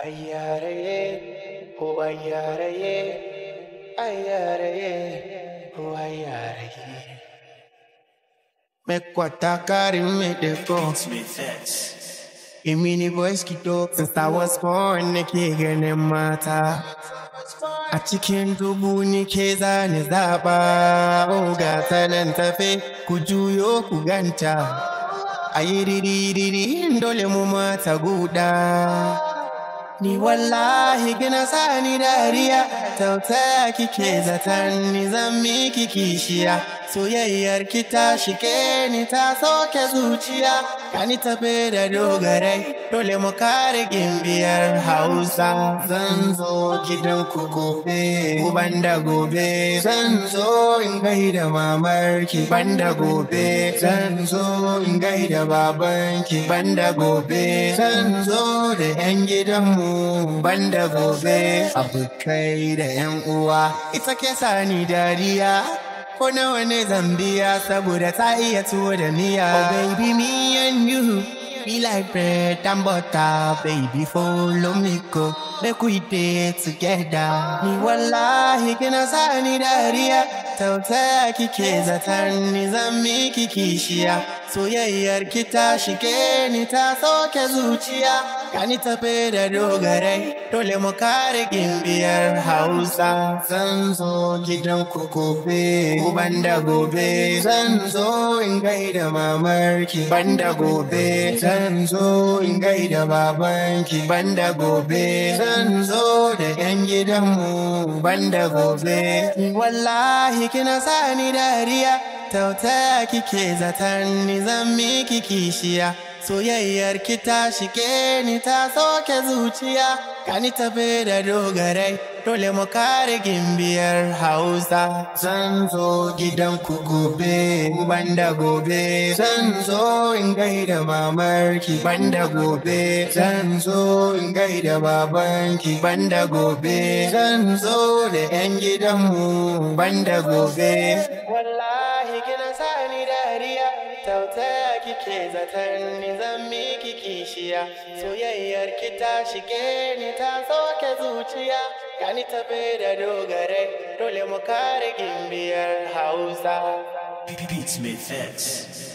Ayaraye, ayaraye, ayaraye, ayaraye. Me me boys since I was born, ne kege mata. A cikin dubu ni ke zane zaba, oh ga sanan tafe, ku juyo ku ganta. Ayi diri diri guda. Ni wallahi gina sani dariya, tautaya kike zaton ni zan miki kishiya. soyayyar ki ta shige ni ta soke zuciya ka ni tafe da dogarai dole mu kare gimbiyar hausa zan zo gidan ku gobe ku da gobe zan zo in gaida mamar ki banda gobe zan zo in gaida baban ki banda gobe zan zo da yan gidanmu banda gobe abokai da yan uwa ita ke sani dariya For now ne Zambia, biya saboda ta iya oh baby me and you be like bread and butter baby follow me go make we dey together Me wallahi he can ni daria. tautaya kike zatar ni zan miki kishiya soyayyar ki ta shige ni ta soke zuciya kani tafe da dogarai dole mu kare gimbiyar hausa zan zo gidan ku gobe uban da gobe zan zo in gaida mamarki ban da gobe zan zo in gaida babanki ban da gobe zan zo da gidanmu banda gobe wallahi kina sani dariya tauta kike zaton ni zan miki kishiya soyayyar ki ta shike ni ta soke zuciya Kani tafe da dogarai, dole mu kare gimbiyar Hausa. Zan zo gidan ku gobe, banda gobe. Zan zo in gaida mamarki, banda gobe. Zan zo in da babanki, banda gobe. Zan zo da 'yan gidanmu, banda gobe. Wallahi kina sani dariya, tautaya. kikeza zatar ni zan miki kishiya soyayyar ki ta shige ni ta soke zuciya yani tafe da dogare dole mu kare gimbiyar hausa Beats Made